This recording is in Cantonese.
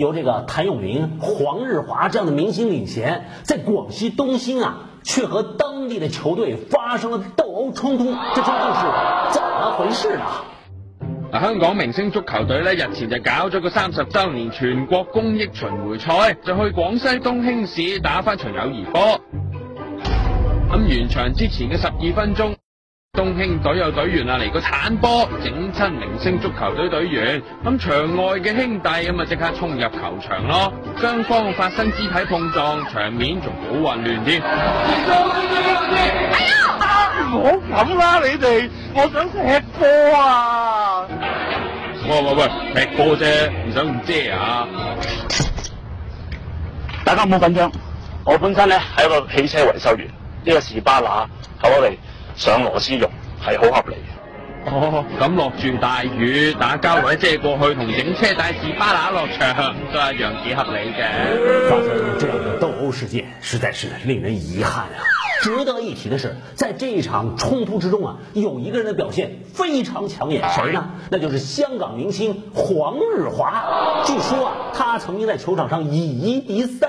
由這個譚詠麟、黃日華這樣的明星領銜，在廣西東興啊，卻和當地的球隊發生了鬥毆衝突，這究竟是怎麼回事呢？啊，香港明星足球隊咧日前就搞咗個三十周年全國公益巡迴賽，就去廣西東興市打返場友誼波。咁完場之前嘅十二分鐘。中興隊有隊員啊，嚟個鏟波，整親明星足球隊隊員。咁場外嘅兄弟咁啊，即刻衝入球場咯。雙方發生肢體碰撞，場面仲好混亂添。哎呀，唔好咁啦你哋，我想踢波啊！喂喂喂，踢波啫，唔想唔遮啊！大家唔好緊張，我本身咧係一個汽車維修員，呢、呢個士巴拿，係我嚟。上螺絲肉係好合理嘅，哦咁落住大雨打交，或者過去同警車帶屎巴乸落場都係一樣幾合理嘅。發生這樣的鬥毆事件，實在是令人遺憾啊！值得一提的是，在這一場衝突之中啊，有一個人的表現非常搶眼，啊，誰呢是？那就是香港明星黃日華。據說啊，他曾經在球場上以一敵三。